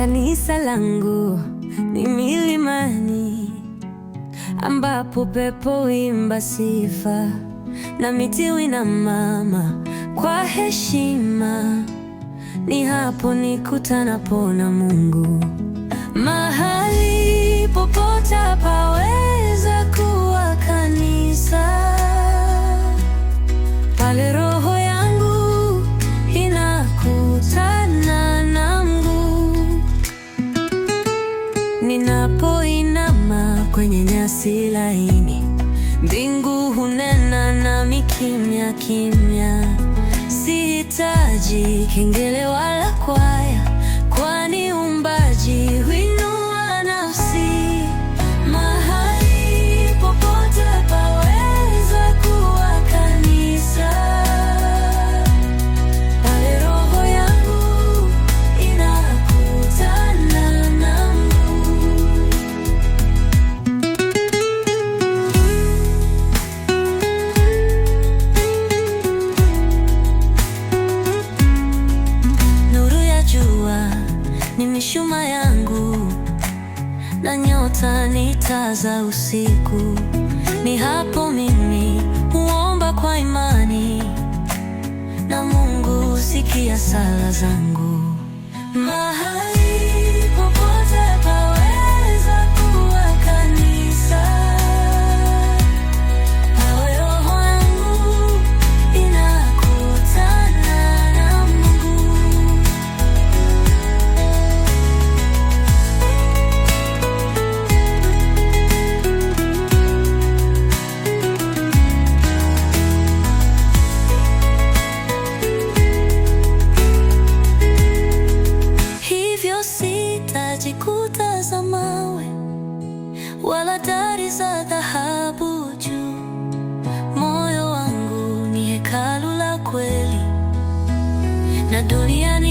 Kanisa langu ni milimani, ambapo pepo imba sifa na miti mama kwa heshima. Ni hapo nikutanapo na Mungu, mahali popota pawe Ninapoinama kwenye nyasi laini, mbingu hunena nami kimya kimya, sihitaji kengele wala na nyota ni taa za usiku. Ni hapo mimi huomba kwa imani, na Mungu husikia sala zangu mahali wala dari za dhahabu juu. Moyo wangu ni hekalu la kweli na duniani